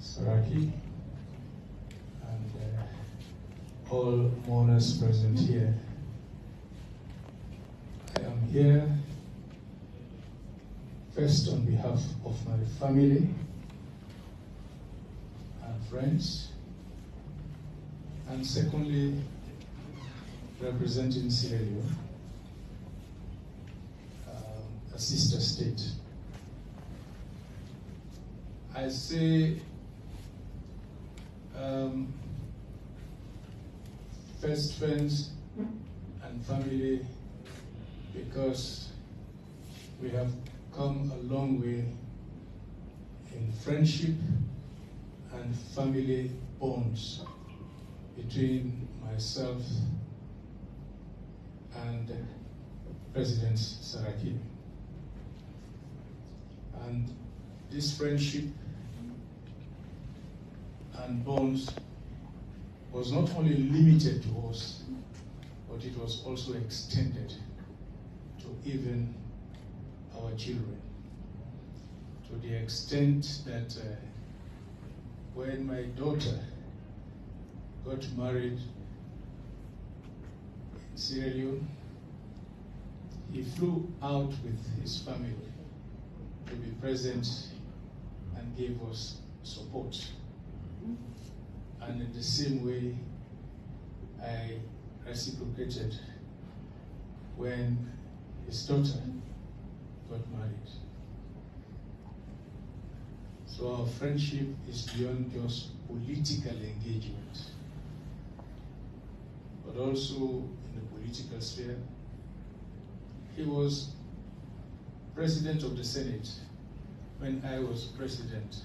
Saraki, and uh, all mourners present here. I am here first on behalf of my family and friends, and secondly, representing Sierra Leone, um, a sister state. I say um, best friends and family because we have come a long way in friendship and family bonds between myself and President Saraki. And this friendship and bones was not only limited to us, but it was also extended to even our children. To the extent that uh, when my daughter got married in Sierra Leone, he flew out with his family to be present and gave us support and in the same way, I reciprocated when his daughter got married. So our friendship is beyond just political engagement, but also in the political sphere. He was president of the Senate when I was president